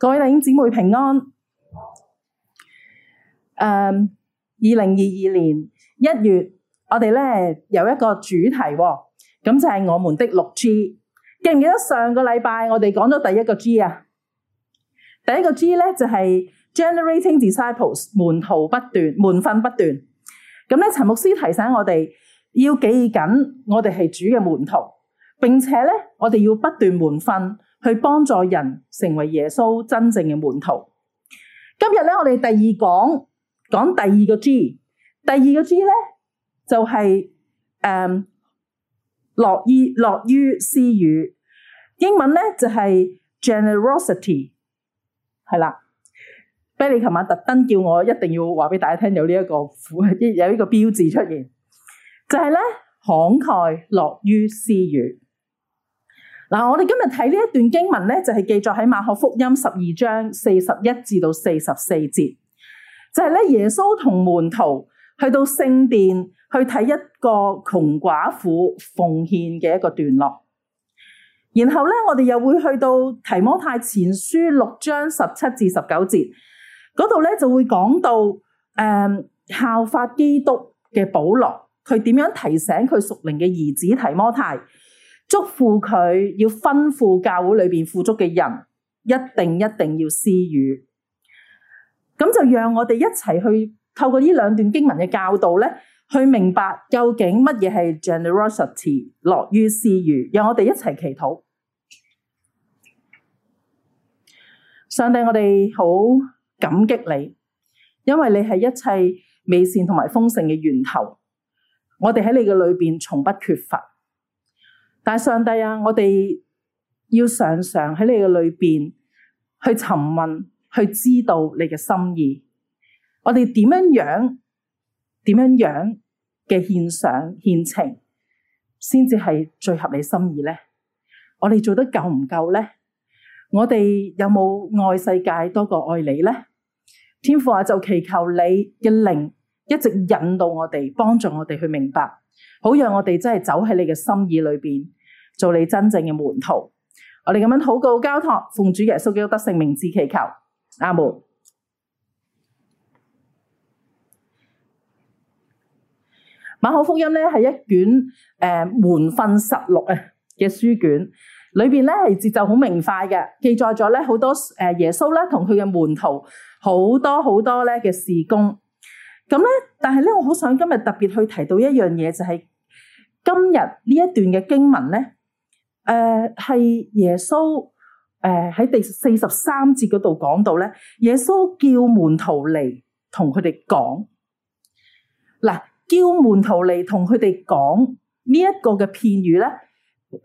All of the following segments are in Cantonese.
各位弟兄姊妹平安。誒，二零二二年一月，我哋咧有一個主題喎、哦，咁就係我們的六 G。記唔記得上個禮拜我哋講咗第一個 G 啊？第一個 G 咧就係、是、Generating Disciples，門徒不斷，門訓不斷。咁咧，陳牧師提醒我哋要記緊我哋係主嘅門徒，並且咧我哋要不斷門訓。去幫助人成為耶穌真正嘅門徒。今日咧，我哋第二講講第二個 G，第二個 G 咧就係、是、誒、嗯、樂於樂於施予。英文咧就係、是、generosity，係啦。Billy 琴晚特登叫我一定要話俾大家聽、這個，有呢一個一有呢個標誌出現，就係、是、咧慷慨樂於施予。嗱，我哋今日睇呢一段經文咧，就係、是、記載喺馬可福音十二章四十一至到四十四節，就係、是、咧耶穌同門徒去到聖殿去睇一個窮寡婦奉獻嘅一個段落，然後咧我哋又會去到提摩太前書六章十七至十九節嗰度咧就會講到誒效、嗯、法基督嘅保羅，佢點樣提醒佢屬靈嘅兒子提摩太。祝福佢要吩咐教會裏邊富足嘅人，一定一定要施予。咁就讓我哋一齊去透過呢兩段經文嘅教導咧，去明白究竟乜嘢係 generosity，樂於施予。讓我哋一齊祈禱，上帝，我哋好感激你，因為你係一切美善同埋豐盛嘅源頭。我哋喺你嘅裏邊從不缺乏。但係上帝啊，我哋要常常喺你嘅裏邊去尋問，去知道你嘅心意。我哋點樣樣、點樣樣嘅獻上獻情，先至係最合你心意咧？我哋做得夠唔夠咧？我哋有冇愛世界多過愛你咧？天父啊，就祈求你嘅靈一直引導我哋，幫助我哋去明白，好讓我哋真係走喺你嘅心意裏邊。做你真正嘅門徒，我哋咁樣禱告交託，奉主耶穌基督得聖名之祈求，阿門。馬可福音咧係一卷誒、呃、門訓實錄啊嘅書卷，裏邊咧係節奏好明快嘅，記載咗咧好多誒耶穌咧同佢嘅門徒好多好多咧嘅事工。咁咧，但係咧，我好想今日特別去提到一樣嘢，就係、是、今日呢一段嘅經文咧。誒，係、呃、耶穌誒喺、呃、第四十三節嗰度講到咧，耶穌叫門徒嚟同佢哋講，嗱，叫門徒嚟同佢哋講呢一個嘅片語咧，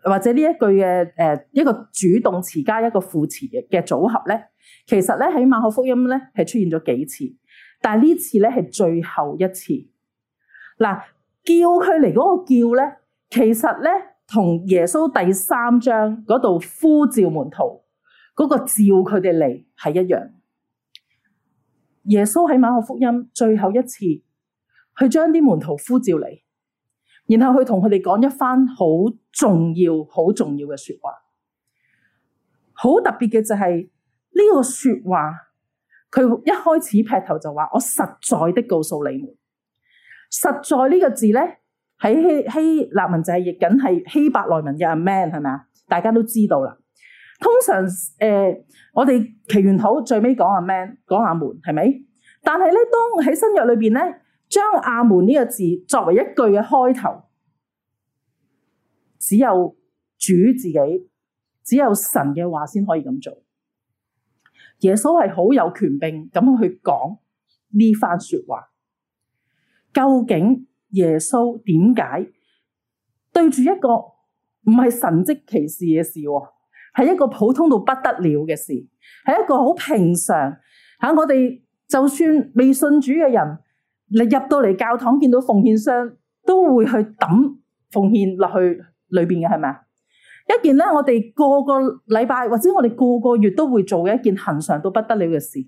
或者呢一句嘅誒、呃、一個主動詞加一個副詞嘅嘅組合咧，其實咧喺馬可福音咧係出現咗幾次，但係呢次咧係最後一次。嗱，叫佢嚟嗰個叫咧，其實咧。同耶穌第三章嗰度呼召門徒嗰、那個召佢哋嚟係一樣，耶穌喺馬可福音最後一次去將啲門徒呼召嚟，然後去同佢哋講一番好重要、好重要嘅說話。好特別嘅就係、是、呢、這個說話，佢一開始劈頭就話：我實在的告訴你們，實在呢個字咧。喺希希臘文就係亦緊係希伯來文嘅阿 Man 係咪啊？大家都知道啦。通常誒、呃，我哋祈完禱最尾講阿 Man，講阿門係咪？但係咧，當喺新約裏邊咧，將阿門呢個字作為一句嘅開頭，只有主自己，只有神嘅話先可以咁做。耶穌係好有權柄咁去講呢番說話，究竟？耶穌點解對住一個唔係神跡奇事嘅事，係一個普通到不得了嘅事，係一個好平常吓？我哋就算未信主嘅人，你入到嚟教堂見到奉獻箱，都會去抌奉獻落去裏邊嘅係咪啊？一件咧，我哋個個禮拜或者我哋個個月都會做嘅一件恒常到不得了嘅事，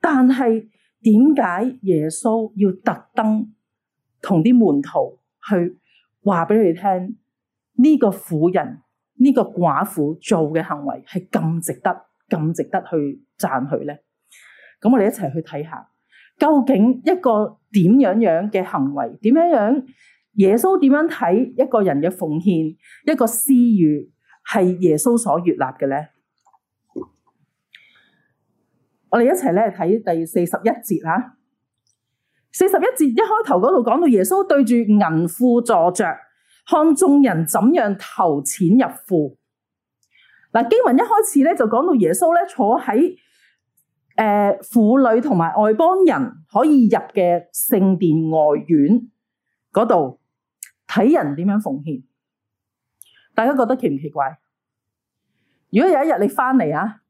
但係點解耶穌要特登？同啲門徒去話俾你聽，呢個婦人呢個寡婦做嘅行為係咁值得，咁值得去讚佢咧。咁我哋一齊去睇下，究竟一個點樣樣嘅行為，點樣樣，耶穌點樣睇一個人嘅奉獻，一個施予係耶穌所悅納嘅咧？我哋一齊咧睇第四十一節啊！四十一節一開頭嗰度講到耶穌對住銀庫坐着，看眾人怎樣投錢入庫。嗱，經文一開始咧就講到耶穌咧坐喺誒、呃、婦女同埋外邦人可以入嘅聖殿外院嗰度，睇人點樣奉獻。大家覺得奇唔奇怪？如果有一日你翻嚟啊，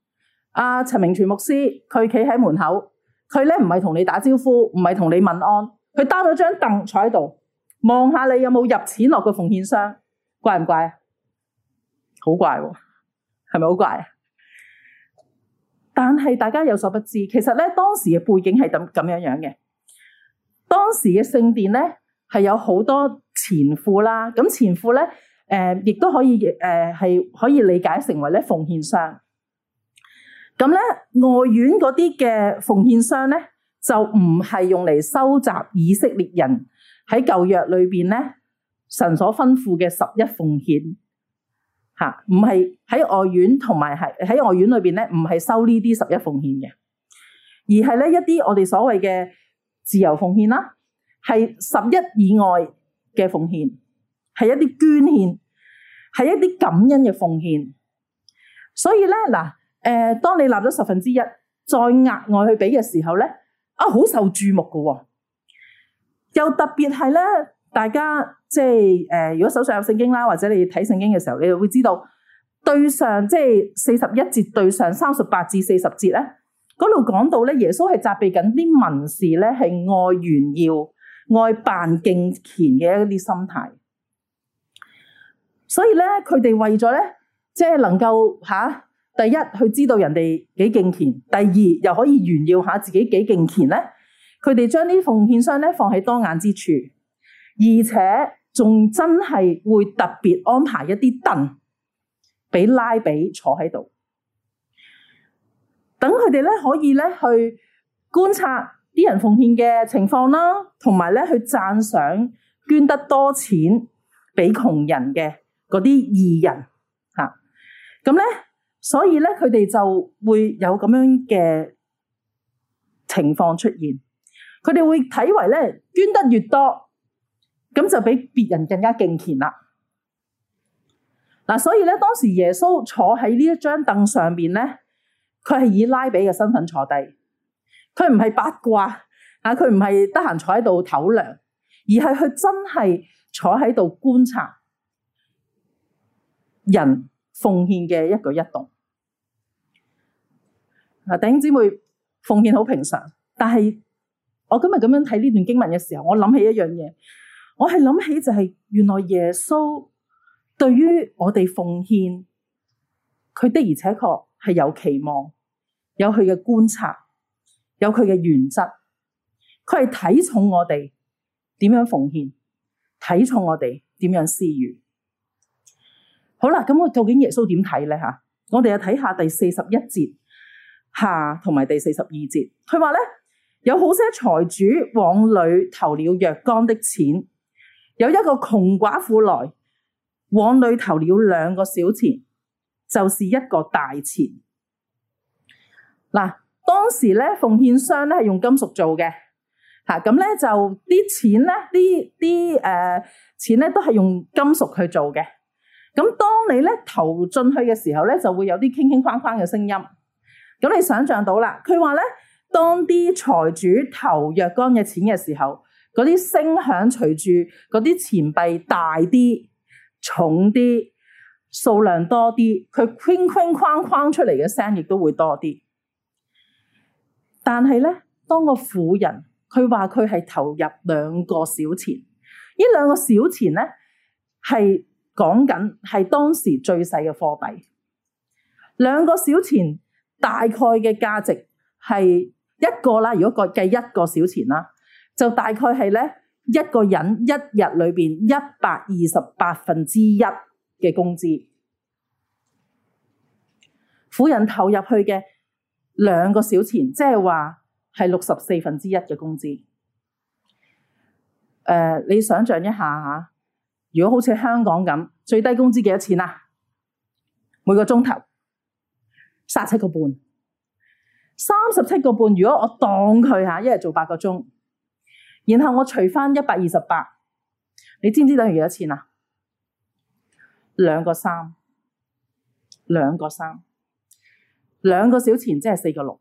阿陳明全牧師，佢企喺門口。佢咧唔係同你打招呼，唔係同你問安，佢擔咗張凳坐喺度，望下你有冇入錢落個奉獻箱，怪唔怪啊？好怪喎，係咪好怪啊？但係大家有所不知，其實咧當時嘅背景係咁咁樣樣嘅。當時嘅聖殿咧係有好多錢庫啦，咁錢庫咧誒亦都可以誒係、呃、可以理解成為咧奉獻箱。咁咧，外院嗰啲嘅奉獻箱咧，就唔係用嚟收集以色列人喺舊約裏邊咧神所吩咐嘅十一奉獻吓，唔係喺外院同埋係喺外院裏邊咧，唔係收呢啲十一奉獻嘅，而係咧一啲我哋所謂嘅自由奉獻啦，係十一以外嘅奉獻，係一啲捐獻，係一啲感恩嘅奉獻，所以咧嗱。誒、呃，當你立咗十分之一，再額外去俾嘅時候咧，啊，好受注目嘅喎、哦，又特別係咧，大家即係誒、呃，如果手上有聖經啦，或者你睇聖經嘅時候，你就會知道對上即係四十一節對上三十八至四十節咧，嗰度講到咧，耶穌係責備緊啲文士咧，係愛炫耀、愛扮敬虔嘅一啲心態，所以咧，佢哋為咗咧，即係能夠嚇。啊第一，去知道人哋幾敬虔；第二，又可以炫耀下自己幾敬虔咧。佢哋將啲奉獻箱咧，放喺當眼之處，而且仲真係會特別安排一啲凳俾拉比坐喺度，等佢哋咧可以咧去觀察啲人奉獻嘅情況啦，同埋咧去讚賞捐得多錢俾窮人嘅嗰啲義人嚇。咁咧。所以咧，佢哋就會有咁樣嘅情況出現。佢哋會睇為咧捐得越多，咁就比別人更加敬虔啦。嗱，所以咧，當時耶穌坐喺呢一張凳上面咧，佢係以拉比嘅身份坐低。佢唔係八卦嚇，佢唔係得閒坐喺度唞涼，而係佢真係坐喺度觀察人奉獻嘅一舉一動。嗱，弟兄姊妹奉獻好平常，但係我今日咁樣睇呢段經文嘅時候，我諗起一樣嘢，我係諗起就係原來耶穌對於我哋奉獻，佢的而且確係有期望，有佢嘅觀察，有佢嘅原則，佢係睇重我哋點樣奉獻，睇重我哋點樣施予。好啦，咁我究竟耶穌點睇咧？吓，我哋啊睇下第四十一節。下同埋第四十二節，佢話咧，有好些財主往裡投了若干的錢，有一個窮寡婦來往裡投了兩個小錢，就是一個大錢。嗱、啊，當時咧奉獻箱咧係用金屬做嘅，吓咁咧就啲錢咧，呃、錢呢啲誒錢咧都係用金屬去做嘅。咁、啊、當你咧投進去嘅時候咧，就會有啲傾傾框框嘅聲音。咁你想象到啦，佢話咧，當啲財主投若干嘅錢嘅時候，嗰啲聲響隨住嗰啲錢幣大啲、重啲、數量多啲，佢框框框框出嚟嘅聲亦都會多啲。但係咧，當個婦人，佢話佢係投入兩個小錢，呢兩個小錢咧，係講緊係當時最細嘅貨幣，兩個小錢。大概嘅價值係一個啦，如果計計一個小錢啦，就大概係咧一個人一日裏邊一百二十八分之一嘅工資，婦人投入去嘅兩個小錢，即係話係六十四分之一嘅工資。誒、呃，你想像一下嚇，如果好似香港咁最低工資幾多錢啊？每個鐘頭。卅七個半，三十七個半。如果我當佢吓，一日做八個鐘，然後我除翻一百二十八，你知唔知等於幾多錢啊？兩個三，兩個三，兩個小錢，即係四個六。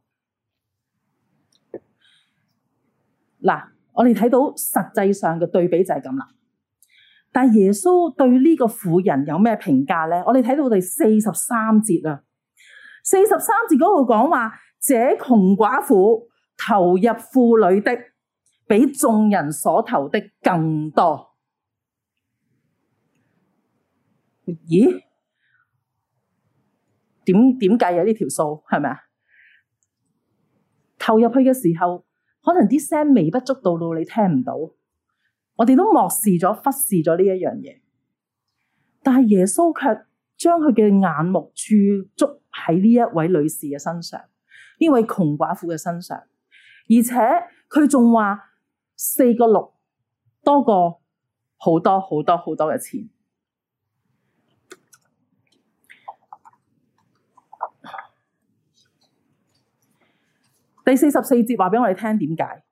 嗱，我哋睇到實際上嘅對比就係咁啦。但耶穌對呢個婦人有咩評價咧？我哋睇到第四十三節啊。四十三字，嗰個講話，這窮寡婦投入庫裏的比眾人所投的更多。咦？點點計啊？呢條數係咪啊？投入去嘅時候，可能啲聲微不足道到你聽唔到，我哋都漠視咗、忽視咗呢一樣嘢。但係耶穌卻將佢嘅眼目駐足，喺呢一位女士嘅身上，呢位窮寡婦嘅身上，而且佢仲話四個六多過好多好多好多嘅錢。第四十四節話俾我哋聽，點解？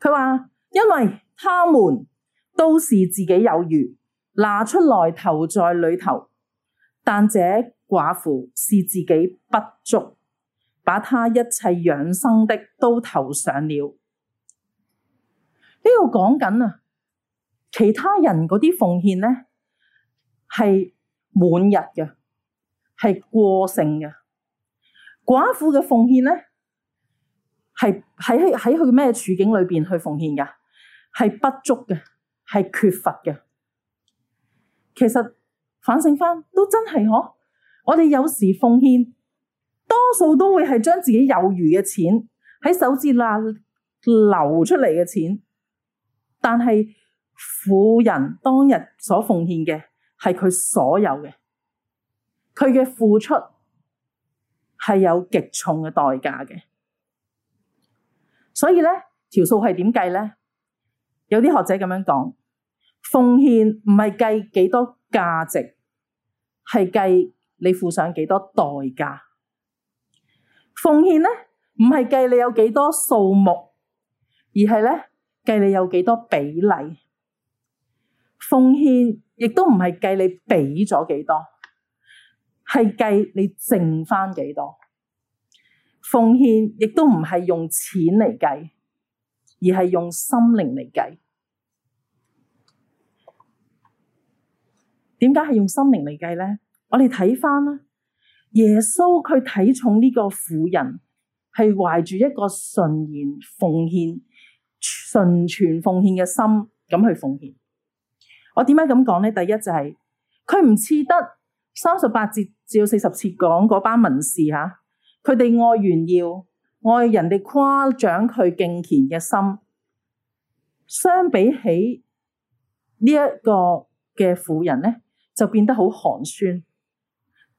佢話因為他們都是自己有餘，拿出來投在裡頭，但這。寡婦是自己不足，把他一切養生的都投上了。呢度講緊啊，其他人嗰啲奉獻呢，係滿日嘅，係過剩嘅。寡婦嘅奉獻呢，係喺喺佢咩處境裏邊去奉獻嘅，係不足嘅，係缺乏嘅。其實反省翻都真係嗬。我哋有時奉獻，多數都會係將自己有餘嘅錢喺手指罅流出嚟嘅錢，但係婦人當日所奉獻嘅係佢所有嘅，佢嘅付出係有極重嘅代價嘅。所以咧，條數係點計咧？有啲學者咁樣講，奉獻唔係計幾多價值，係計。你付上幾多代價？奉獻咧，唔係計你有幾多數目，而係咧計你有幾多比例。奉獻亦都唔係計你俾咗幾多，係計你剩翻幾多。奉獻亦都唔係用錢嚟計，而係用心靈嚟計。點解係用心靈嚟計咧？我哋睇翻啦，耶穌佢睇重呢個婦人，係懷住一個純然奉獻、純全奉獻嘅心咁去奉獻。我點解咁講咧？第一就係佢唔似得三十八節至到四十節講嗰班文士吓，佢哋愛炫耀、愛人哋誇獎佢敬虔嘅心，相比起呢一個嘅婦人咧，就變得好寒酸。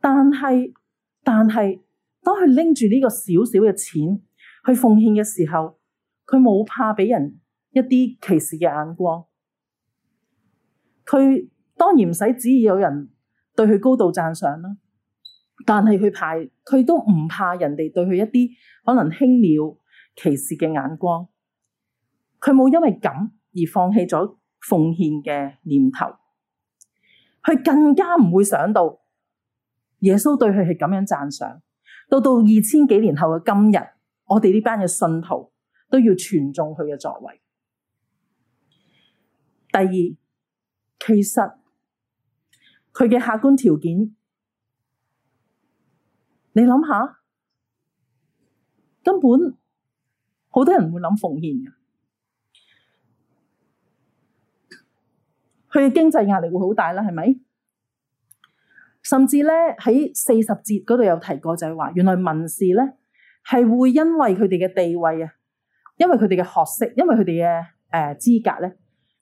但係，但係，當佢拎住呢個小小嘅錢去奉獻嘅時候，佢冇怕俾人一啲歧視嘅眼光。佢當然唔使指意有人對佢高度讚賞啦，但係佢怕，佢都唔怕人哋對佢一啲可能輕藐歧視嘅眼光。佢冇因為咁而放棄咗奉獻嘅念頭，佢更加唔會想到。耶穌對佢係咁樣讚賞，到到二千幾年後嘅今日，我哋呢班嘅信徒都要傳頌佢嘅作為。第二，其實佢嘅客觀條件，你諗下，根本好多人會諗奉獻嘅，佢嘅經濟壓力會好大啦，係咪？甚至咧喺四十節嗰度有提過，就係話原來文士咧係會因為佢哋嘅地位啊，因為佢哋嘅學識，因為佢哋嘅誒資格咧，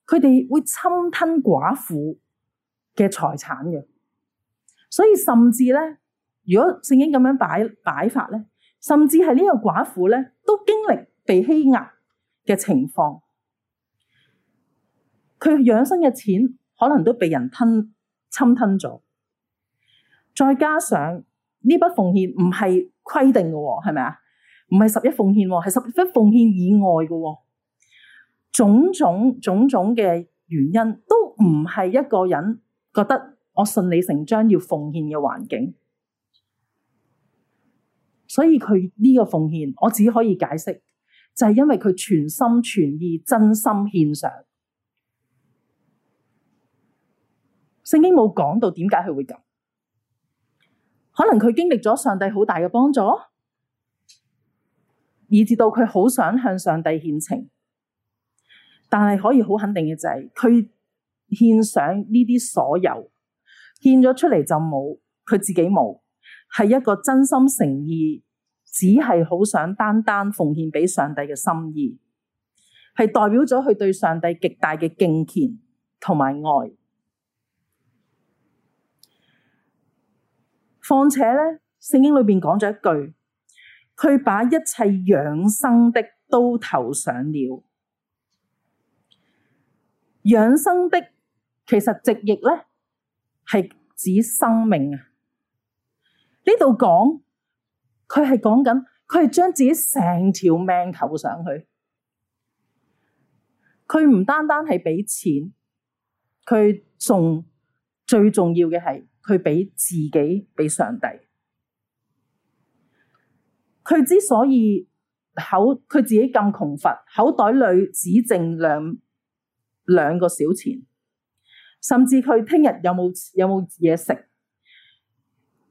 佢哋會侵吞寡婦嘅財產嘅。所以甚至咧，如果聖經咁樣擺擺法咧，甚至係呢個寡婦咧都經歷被欺壓嘅情況，佢養生嘅錢可能都被人吞侵吞咗。再加上呢筆奉獻唔係規定嘅喎，係咪啊？唔係十一奉獻喎，係十一奉獻以外嘅。種種種種嘅原因都唔係一個人覺得我順理成章要奉獻嘅環境。所以佢呢個奉獻，我只可以解釋，就係因為佢全心全意、真心獻上。聖經冇講到點解佢會咁。可能佢經歷咗上帝好大嘅幫助，以至到佢好想向上帝獻情。但係可以好肯定嘅就係，佢獻上呢啲所有，獻咗出嚟就冇，佢自己冇，係一個真心誠意，只係好想單單奉獻畀上帝嘅心意，係代表咗佢對上帝極大嘅敬虔同埋愛。況且咧，聖經裏邊講咗一句，佢把一切養生的都投上了。養生的其實直譯咧係指生命啊。呢度講佢係講緊，佢係將自己成條命投上去。佢唔單單係畀錢，佢仲。最重要嘅係佢俾自己，俾上帝。佢之所以口佢自己咁窮乏，口袋裏只剩兩兩個小錢，甚至佢聽日有冇有冇嘢食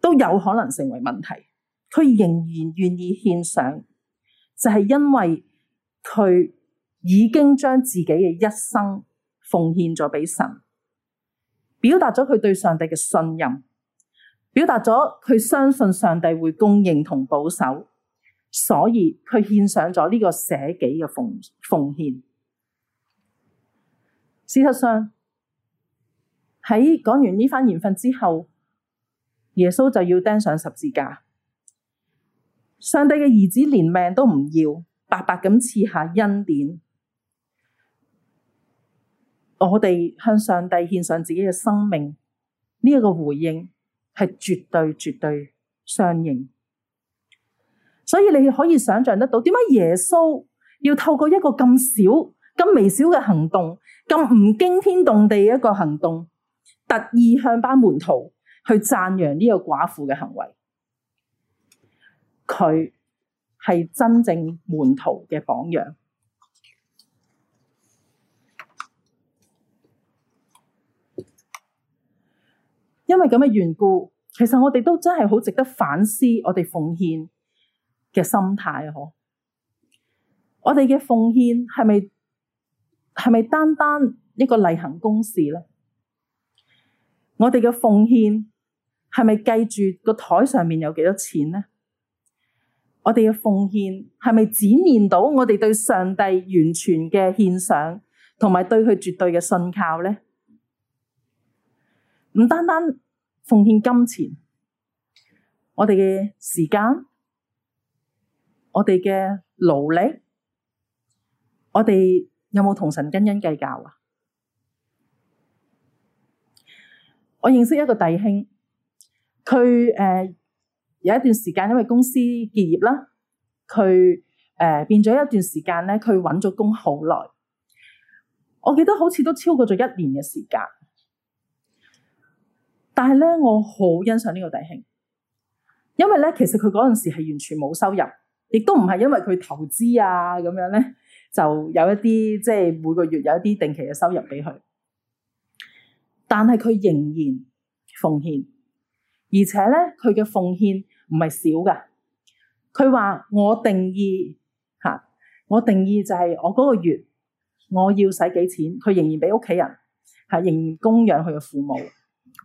都有可能成為問題。佢仍然願意獻上，就係因為佢已經將自己嘅一生奉獻咗俾神。表達咗佢對上帝嘅信任，表達咗佢相信上帝會供應同保守，所以佢獻上咗呢個捨己嘅奉奉獻。事實上，喺講完呢番言論之後，耶穌就要釘上十字架。上帝嘅兒子連命都唔要，白白咁賜下恩典。我哋向上帝獻上自己嘅生命，呢一個回應係絕對絕對相應。所以你可以想象得到，點解耶穌要透過一個咁小，咁微小嘅行動，咁唔驚天動地一個行動，特意向班門徒去讚揚呢個寡婦嘅行為？佢係真正門徒嘅榜樣。因為咁嘅緣故，其實我哋都真係好值得反思我哋奉獻嘅心態啊！我哋嘅奉獻係咪係咪單單一個例行公事咧？我哋嘅奉獻係咪計住個台上面有幾多錢咧？我哋嘅奉獻係咪展現到我哋對上帝完全嘅獻上，同埋對佢絕對嘅信靠咧？唔單單奉獻金錢，我哋嘅時間，我哋嘅勞力，我哋有冇同神斤斤計較啊？我認識一個弟兄，佢誒有一段時間因為公司結業啦，佢誒變咗一段時間咧，佢搵咗工好耐，我記得好似都超過咗一年嘅時間。但係咧，我好欣賞呢個弟兄，因為咧，其實佢嗰陣時係完全冇收入，亦都唔係因為佢投資啊咁樣咧，就有一啲即係每個月有一啲定期嘅收入俾佢。但係佢仍然奉獻，而且咧，佢嘅奉獻唔係少噶。佢話，我定義吓，我定義就係我嗰個月我要使幾錢，佢仍然俾屋企人吓，仍然供養佢嘅父母。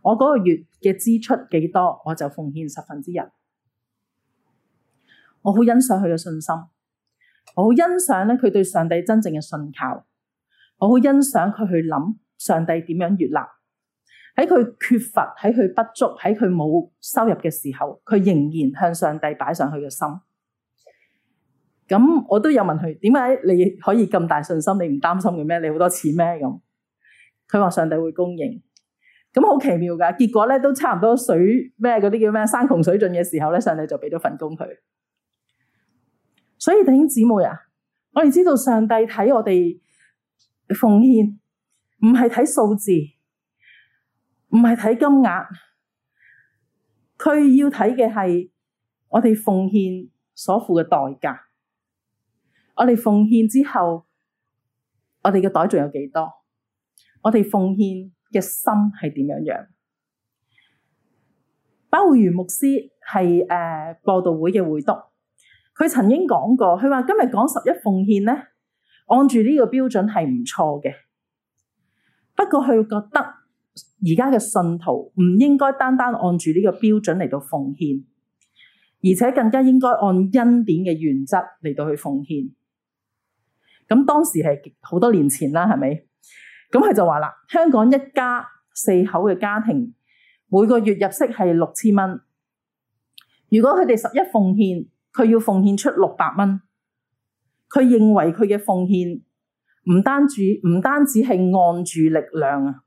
我嗰個月嘅支出幾多，我就奉獻十分之一。我好欣賞佢嘅信心，我好欣賞咧佢對上帝真正嘅信靠，我好欣賞佢去諗上帝點樣悅納喺佢缺乏、喺佢不足、喺佢冇收入嘅時候，佢仍然向上帝擺上佢嘅心。咁我都有問佢，點解你可以咁大信心？你唔擔心嘅咩？你好多錢咩？咁佢話上帝會供應。咁好奇妙噶，結果咧，都差唔多水咩，嗰啲叫咩山窮水盡嘅時候咧，上帝就俾咗份工佢。所以弟兄姊妹啊，我哋知道上帝睇我哋奉獻，唔係睇數字，唔係睇金額，佢要睇嘅係我哋奉獻所付嘅代價。我哋奉獻之後，我哋嘅袋仲有幾多？我哋奉獻。嘅心係點樣樣？鮑如牧師係誒、呃，播道會嘅會督，佢曾經講過，佢話今日講十一奉獻咧，按住呢個標準係唔錯嘅。不過佢覺得而家嘅信徒唔應該單單按住呢個標準嚟到奉獻，而且更加應該按恩典嘅原則嚟到去奉獻。咁當時係好多年前啦，係咪？咁佢就話啦，香港一家四口嘅家庭每個月入息係六千蚊。如果佢哋十一奉獻，佢要奉獻出六百蚊。佢認為佢嘅奉獻唔單止唔單止係按住力量啊，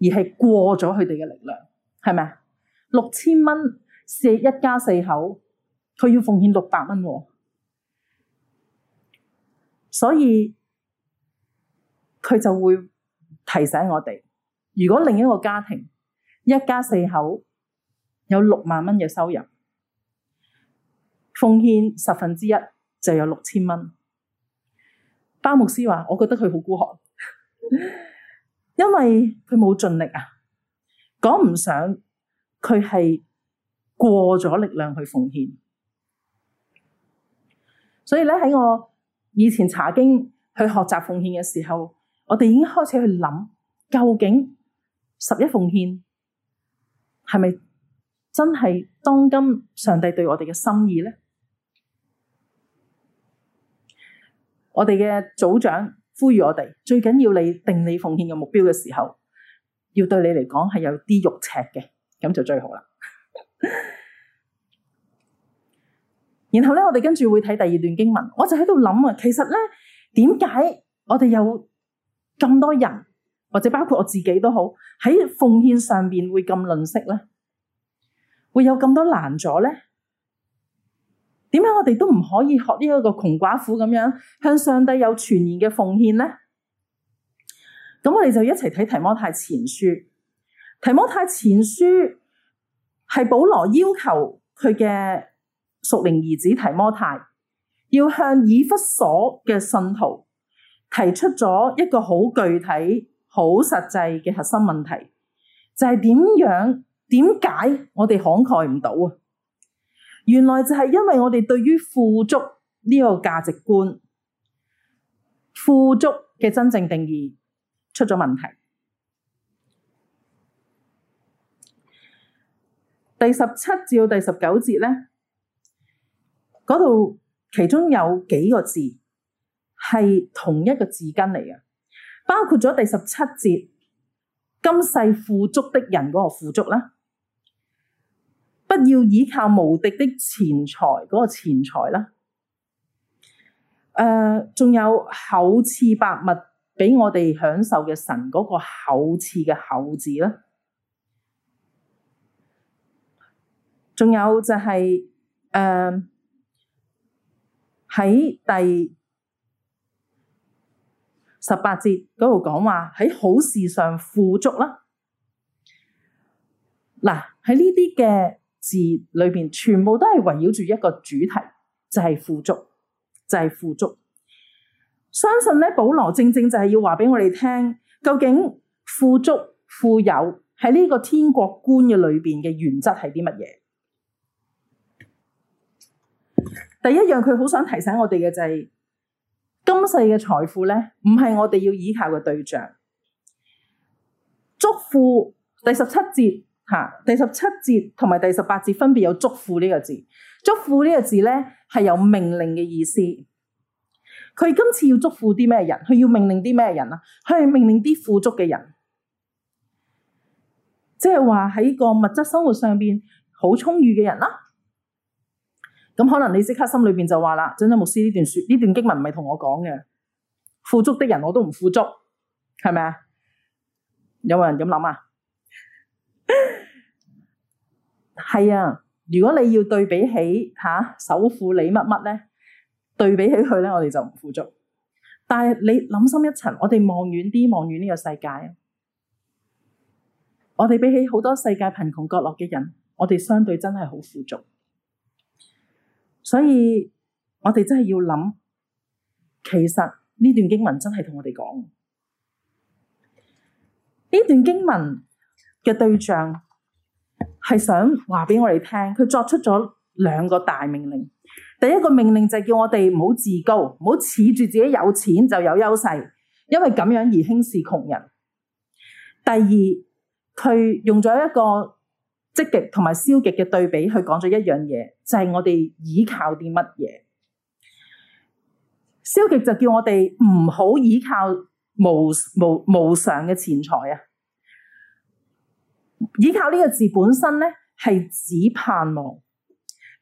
而係過咗佢哋嘅力量，係咪啊？六千蚊係一家四口，佢要奉獻六百蚊喎。所以，佢就會提醒我哋，如果另一個家庭一家四口有六萬蚊嘅收入，奉獻十分之一就有六千蚊。包牧師話：我覺得佢好孤寒， 因為佢冇盡力啊。講唔上佢係過咗力量去奉獻，所以咧喺我以前查經去學習奉獻嘅時候。我哋已經開始去諗，究竟十一奉獻係咪真係當今上帝對我哋嘅心意咧？我哋嘅組長呼籲我哋，最緊要你定你奉獻嘅目標嘅時候，要對你嚟講係有啲肉赤嘅，咁就最好啦。 然後咧，我哋跟住會睇第二段經文，我就喺度諗啊，其實咧，點解我哋有？咁多人或者包括我自己都好，喺奉獻上邊會咁吝嗇咧，會有咁多難阻咧？點解我哋都唔可以學呢一個窮寡婦咁樣向上帝有全然嘅奉獻咧？咁我哋就一齊睇提摩太前書。提摩太前書係保羅要求佢嘅屬靈兒子提摩太要向以弗所嘅信徒提出咗一個好具體、好實際嘅核心問題，就係、是、點樣、點解我哋慷慨唔到啊？原來就係因為我哋對於富足呢個價值觀、富足嘅真正定義出咗問題。第十七至到第十九節咧，嗰度其中有幾個字。係同一個字根嚟嘅，包括咗第十七節今世富足的人嗰個富足啦，不要倚靠無敵的錢財嗰個錢財啦，誒、呃，仲有厚賜百物俾我哋享受嘅神嗰個厚賜嘅厚字啦，仲有就係誒喺第。十八節嗰度講話喺好事上富足啦，嗱，喺呢啲嘅字裏邊，全部都係圍繞住一個主題，就係、是、富足，就係、是、富足。相信咧，保羅正正就係要話俾我哋聽，究竟富足富有喺呢個天國觀嘅裏邊嘅原則係啲乜嘢？嗯、第一樣佢好想提醒我哋嘅就係、是。今世嘅財富咧，唔係我哋要倚靠嘅對象。囑咐，第十七節吓，第十七節同埋第十八節分別有囑咐呢個字。囑咐呢個字咧，係有命令嘅意思。佢今次要囑咐啲咩人？佢要命令啲咩人啊？佢係命令啲富足嘅人，即係話喺個物質生活上面好充裕嘅人啦。咁可能你即刻心裏邊就話啦，真真牧師，呢段書，呢段經文唔係同我講嘅，富足的人，我都唔富足，係咪啊？有冇人咁諗啊？係啊，如果你要對比起吓首富你乜乜咧，對比起佢咧，我哋就唔富足。但係你諗深一層，我哋望遠啲，望遠呢個世界，我哋比起好多世界貧窮角落嘅人，我哋相對真係好富足。所以我哋真係要諗，其實呢段經文真係同我哋講，呢段經文嘅對象係想話畀我哋聽，佢作出咗兩個大命令。第一個命令就係叫我哋唔好自高，唔好恃住自己有錢就有優勢，因為咁樣而輕視窮人。第二，佢用咗一個積極同埋消極嘅對比，佢講咗一樣嘢，就係我哋依靠啲乜嘢？消極就叫我哋唔好依靠無無無常嘅錢財啊！倚靠呢個字本身咧，係指盼望，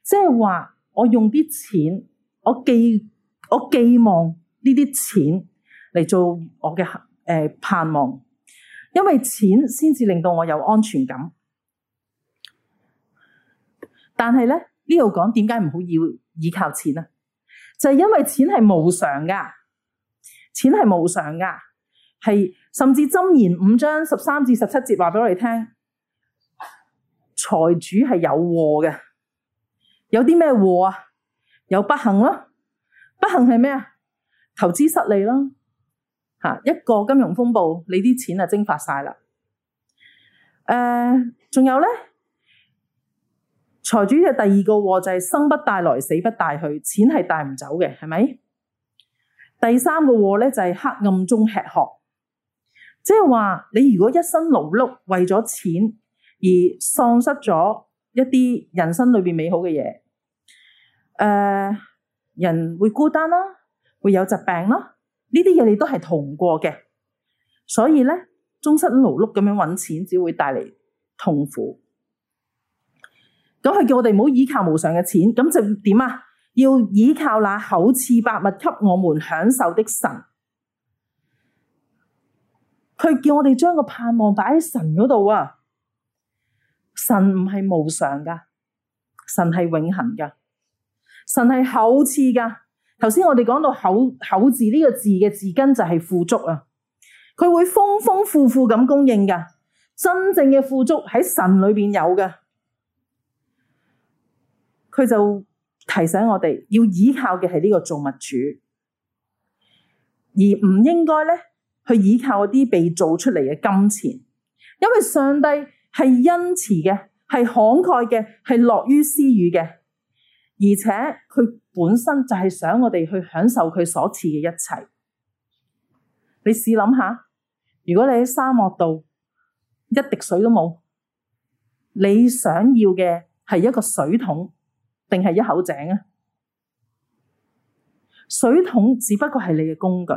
即係話我用啲錢，我寄我寄望呢啲錢嚟做我嘅誒盼望，因為錢先至令到我有安全感。但係咧，呢度講，點解唔好倚倚靠錢啊？就係因為錢係無常噶錢係無常噶係甚至箴言五章十三至十七節話俾我哋聽，財主係有禍嘅，有啲咩禍啊？有不幸咯，不幸係咩啊？投資失利咯，吓一個金融風暴，你啲錢啊蒸發晒啦。誒、呃，仲有咧？財主嘅第二個禍就係生不帶來死不帶去，錢係帶唔走嘅，係咪？第三個禍咧就係黑暗中吃喝，即係話你如果一生勞碌為咗錢而喪失咗一啲人生裏邊美好嘅嘢，誒、呃，人會孤單啦，會有疾病啦，呢啲嘢你都係逃唔過嘅，所以咧，終身勞碌咁樣搵錢只會帶嚟痛苦。咁佢叫我哋唔好依靠無常嘅錢，咁就點啊？要依靠那厚賜百物給我們享受的神。佢叫我哋將個盼望擺喺神嗰度啊！神唔係無常噶神係永恒噶神係厚賜噶頭先我哋講到厚，厚字呢個字嘅字根就係富足啊，佢會豐豐富富咁供應噶真正嘅富足喺神裏邊有嘅。佢就提醒我哋要依靠嘅係呢個造物主，而唔應該咧去依靠啲被造出嚟嘅金錢，因為上帝係恩慈嘅，係慷慨嘅，係樂於施予嘅，而且佢本身就係想我哋去享受佢所賜嘅一切。你試諗下，如果你喺沙漠度一滴水都冇，你想要嘅係一個水桶。定係一口井啊！水桶只不過係你嘅工具，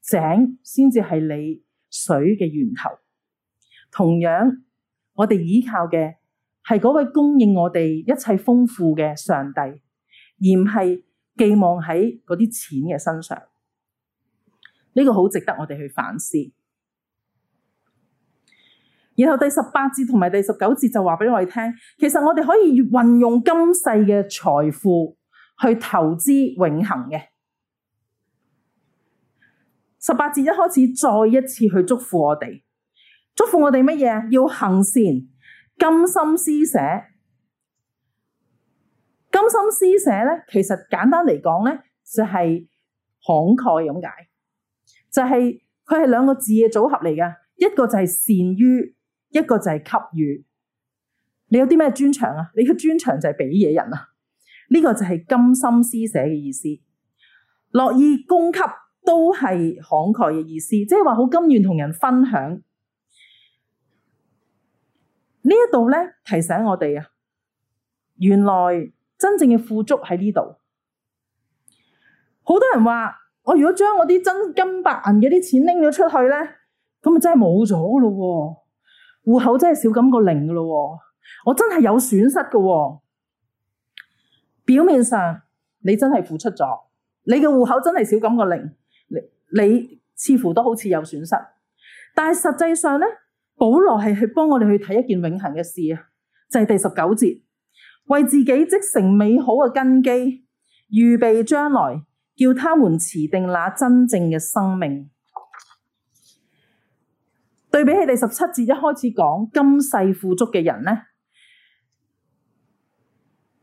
井先至係你水嘅源頭。同樣，我哋依靠嘅係嗰位供應我哋一切豐富嘅上帝，而唔係寄望喺嗰啲錢嘅身上。呢個好值得我哋去反思。然後第十八節同埋第十九節就話俾我哋聽，其實我哋可以運用今世嘅財富去投資永恆嘅。十八節一開始再一次去祝福我哋，祝福我哋乜嘢？要行善，甘心施捨。甘心施捨咧，其實簡單嚟講咧，就係慷慨咁解。就係佢係兩個字嘅組合嚟㗎，一個就係善於。一個就係給予，你有啲咩專長啊？你嘅專長就係俾嘢人啊？呢、這個就係甘心施捨嘅意思，樂意供給都係慷慨嘅意思，即係話好甘願同人分享。呢一度咧提醒我哋啊，原來真正嘅富足喺呢度。好多人話，我如果將我啲真金白銀嘅啲錢拎咗出去咧，咁咪真係冇咗咯喎。戶口真係少咁個零噶咯，我真係有損失噶。表面上你真係付出咗，你嘅戶口真係少咁個零，你你似乎都好似有損失。但係實際上咧，保羅係去幫我哋去睇一件永恆嘅事啊，就係第十九節，為自己積成美好嘅根基，預備將來，叫他們持定那真正嘅生命。對比起第十七節一開始講今世富足嘅人咧，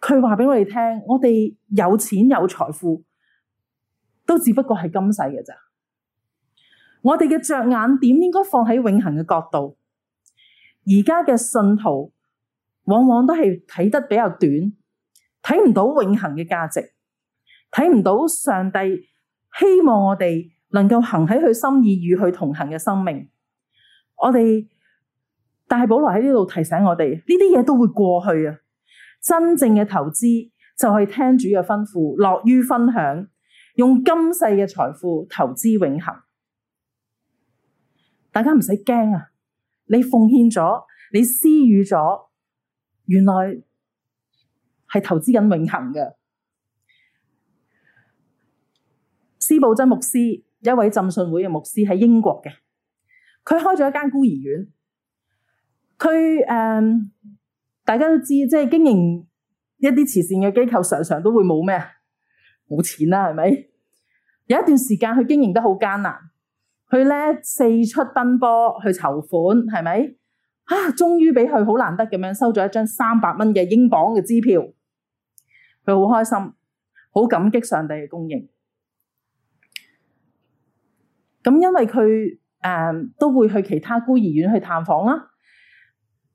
佢話俾我哋聽，我哋有錢有財富都只不過係今世嘅咋。我哋嘅着眼點應該放喺永恆嘅角度。而家嘅信徒往往都係睇得比較短，睇唔到永恆嘅價值，睇唔到上帝希望我哋能夠行喺佢心意與佢同行嘅生命。我哋，但係保羅喺呢度提醒我哋，呢啲嘢都會過去啊！真正嘅投資就係聽主嘅吩咐，樂於分享，用今世嘅財富投資永恆。大家唔使驚啊！你奉獻咗，你施予咗，原來係投資緊永恆嘅。司布真牧師，一位浸信會嘅牧師喺英國嘅。佢開咗一間孤兒院，佢誒、呃、大家都知，即係經營一啲慈善嘅機構，常常都會冇咩，冇錢啦，係咪？有一段時間佢經營得好艱難，佢咧四出奔波去籌款，係咪？啊，終於俾佢好難得咁樣收咗一張三百蚊嘅英鎊嘅支票，佢好開心，好感激上帝嘅供應。咁因為佢。誒、嗯，都會去其他孤兒院去探訪啦。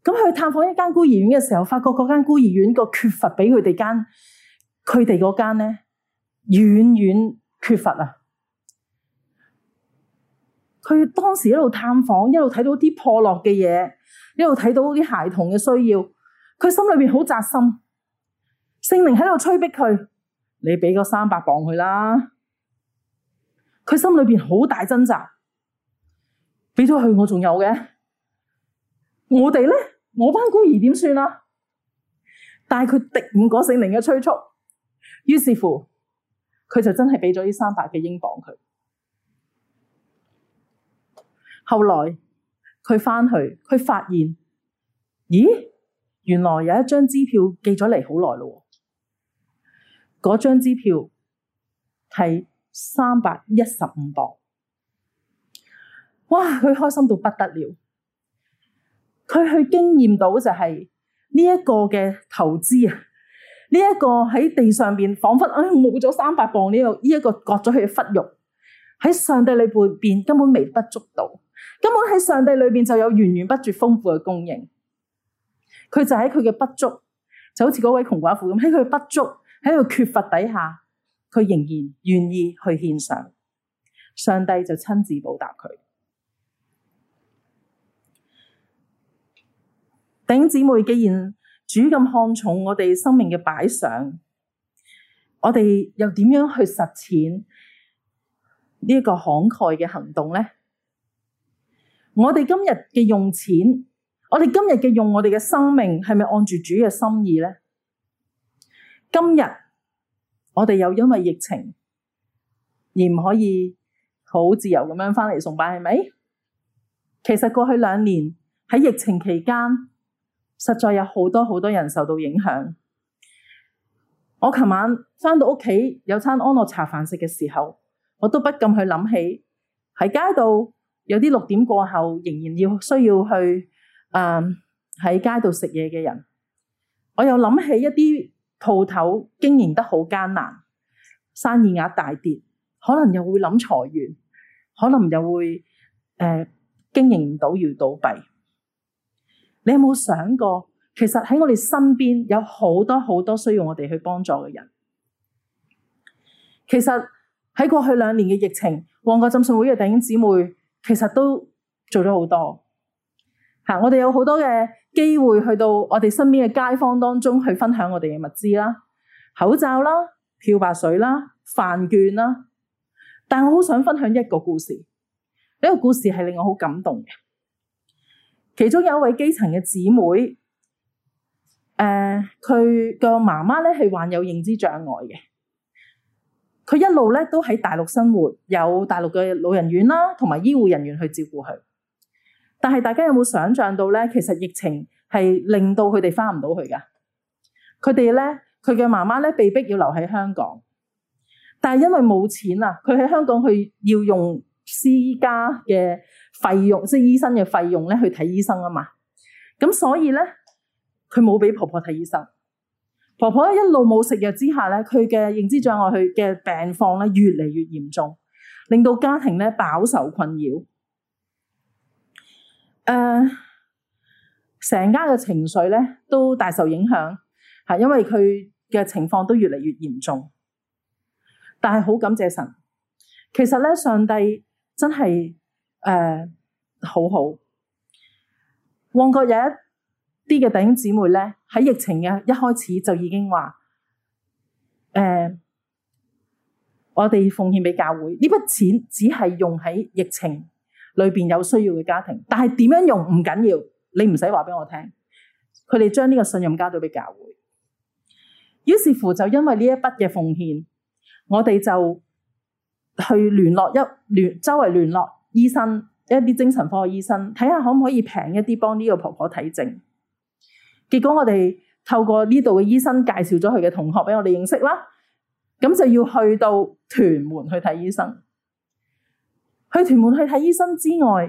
咁去探訪一間孤兒院嘅時候，發覺嗰間孤兒院個缺乏比佢哋間佢哋嗰間咧遠遠缺乏啊。佢當時一路探訪，一路睇到啲破落嘅嘢，一路睇到啲孩童嘅需要，佢心裏邊好扎心。聖靈喺度催逼佢：你俾個三百磅佢啦。佢心裏邊好大掙扎。俾咗佢，我仲有嘅。我哋咧，我班孤兒點算啊？但係佢敵唔過聖靈嘅催促，於是乎，佢就真係畀咗呢三百幾英鎊佢。後來佢返去，佢發現，咦，原來有一張支票寄咗嚟好耐咯。嗰張支票係三百一十五鎊。哇！佢開心到不得了，佢去經驗到就係呢一個嘅投資啊！呢一個喺地上邊，仿佛唉冇咗三百磅，呢個呢一個割咗佢嘅骨肉，喺上帝裏邊根本微不足道，根本喺上帝裏邊就有源源不絕豐富嘅供應。佢就喺佢嘅不足，就好似嗰位窮寡婦咁，喺佢嘅不足喺度缺乏底下，佢仍然願意去獻上，上帝就親自報答佢。頂姊妹，既然主咁看重我哋生命嘅擺上，我哋又點樣去實踐呢一個慷慨嘅行動咧？我哋今日嘅用錢，我哋今日嘅用我哋嘅生命，係咪按住主嘅心意咧？今日我哋又因為疫情而唔可以好自由咁樣返嚟崇拜，係咪？其實過去兩年喺疫情期間。實在有好多好多人受到影響。我琴晚返到屋企有餐安樂茶飯食嘅時候，我都不禁去諗起喺街度有啲六點過後仍然要需要去啊喺、呃、街度食嘢嘅人。我又諗起一啲鋪頭經營得好艱難，生意額大跌，可能又會諗裁員，可能又會誒、呃、經營唔到要倒閉。你有冇想過？其實喺我哋身邊有好多好多需要我哋去幫助嘅人。其實喺過去兩年嘅疫情，旺角浸信會嘅弟兄姊妹其實都做咗好多。吓，我哋有好多嘅機會去到我哋身邊嘅街坊當中去分享我哋嘅物資啦、口罩啦、漂白水啦、飯券啦。但我好想分享一個故事，呢個故事係令我好感動嘅。其中有一位基層嘅姊妹，誒、呃，佢個媽媽咧係患有認知障礙嘅，佢一路咧都喺大陸生活，有大陸嘅老人院啦，同埋醫護人員去照顧佢。但係大家有冇想像到咧？其實疫情係令到佢哋返唔到去㗎，佢哋咧，佢嘅媽媽咧被逼要留喺香港，但係因為冇錢啊，佢喺香港去要用。私家嘅費用，即係醫生嘅費用咧，去睇醫生啊嘛。咁所以咧，佢冇俾婆婆睇醫生。婆婆一路冇食藥之下咧，佢嘅認知障礙佢嘅病況咧越嚟越嚴重，令到家庭咧飽受困擾。誒、呃，成家嘅情緒咧都大受影響，係因為佢嘅情況都越嚟越嚴重。但係好感謝神，其實咧上帝。真係誒，好、呃、好。旺角有一啲嘅弟兄姊妹咧，喺疫情嘅一開始就已經話：誒、呃，我哋奉獻俾教會，呢筆錢只係用喺疫情裏邊有需要嘅家庭。但係點樣用唔緊要，你唔使話俾我聽。佢哋將呢個信任交咗俾教會，於是乎就因為呢一筆嘅奉獻，我哋就。去聯絡一聯，周圍聯絡醫生，一啲精神科醫生，睇下可唔可以平一啲幫呢個婆婆睇症。結果我哋透過呢度嘅醫生介紹咗佢嘅同學俾我哋認識啦，咁就要去到屯門去睇醫生。去屯門去睇醫生之外，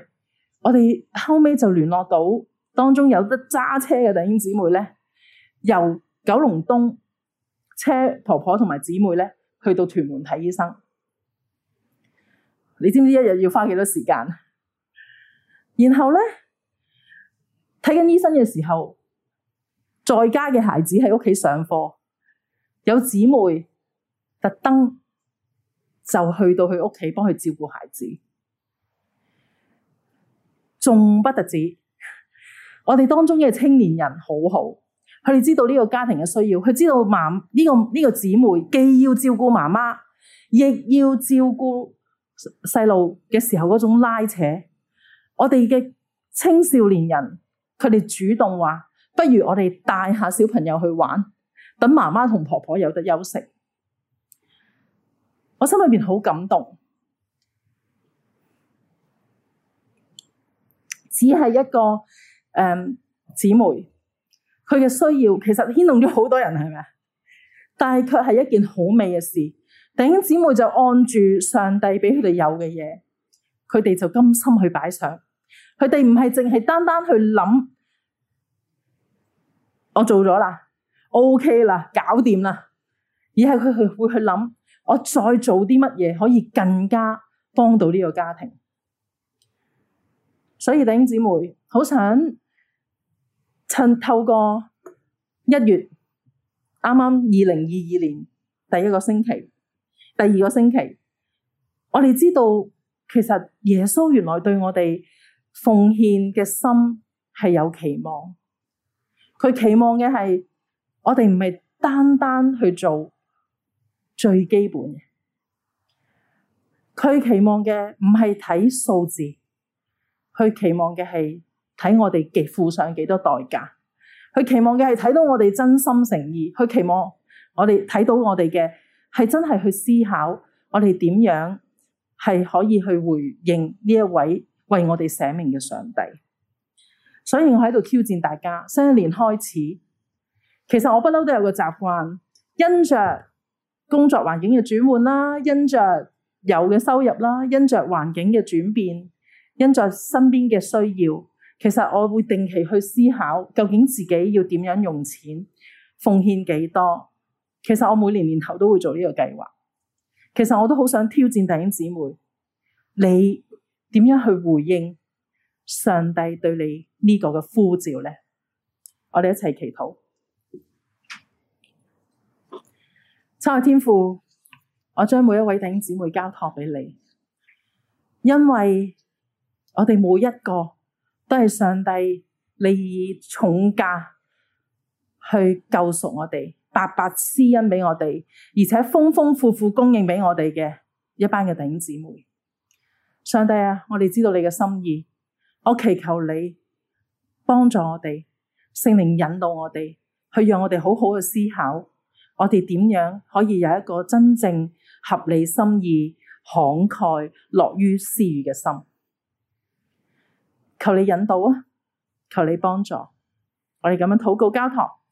我哋後尾就聯絡到當中有得揸車嘅弟兄姊妹咧，由九龍東車婆婆同埋姊妹咧，去到屯門睇醫生。你知唔知一日要花幾多時間？然後咧睇緊醫生嘅時候，在家嘅孩子喺屋企上課，有姊妹特登就去到佢屋企幫佢照顧孩子，仲不特止。我哋當中嘅青年人好好，佢哋知道呢個家庭嘅需要，佢知道媽呢個呢個姊妹既要照顧媽媽，亦要照顧。細路嘅時候嗰種拉扯，我哋嘅青少年人，佢哋主動話，不如我哋帶下小朋友去玩，等媽媽同婆婆有得休息。我心裏面好感動，只係一個誒、嗯、姊妹，佢嘅需要其實牽動咗好多人，係咪？但係佢係一件好美嘅事。弟兄姊妹就按住上帝俾佢哋有嘅嘢，佢哋就甘心去擺上。佢哋唔係淨係單單去諗我做咗啦，O K 啦，搞掂啦，而係佢去會去諗我再做啲乜嘢可以更加幫到呢個家庭。所以弟兄姊妹好想趁透過一月啱啱二零二二年第一個星期。第二個星期，我哋知道，其實耶穌原來對我哋奉獻嘅心係有期望。佢期望嘅係我哋唔係單單去做最基本嘅。佢期望嘅唔係睇數字，佢期望嘅係睇我哋幾付上幾多代價。佢期望嘅係睇到我哋真心誠意。佢期望我哋睇到我哋嘅。係真係去思考，我哋點樣係可以去回應呢一位為我哋寫明嘅上帝。所以，我喺度挑戰大家，新一年開始。其實我不嬲都有個習慣，因着工作環境嘅轉換啦，因着有嘅收入啦，因着環境嘅轉變，因着身邊嘅需要，其實我會定期去思考，究竟自己要點樣用錢，奉獻幾多。其實我每年年頭都會做呢個計劃。其實我都好想挑戰弟兄姊妹，你點樣去回應上帝對你呢個嘅呼召咧？我哋一齊祈禱。親愛天父，我將每一位弟兄姊妹交託俾你，因為我哋每一個都係上帝你以重價去救贖我哋。白白施恩俾我哋，而且豐豐富富富供應俾我哋嘅一班嘅弟兄姊妹。上帝啊，我哋知道你嘅心意，我祈求你幫助我哋，聖靈引導我哋，去讓我哋好好嘅思考，我哋點樣可以有一個真正合你心意、慷慨、樂於施予嘅心。求你引導啊，求你幫助。我哋咁樣禱告，交託。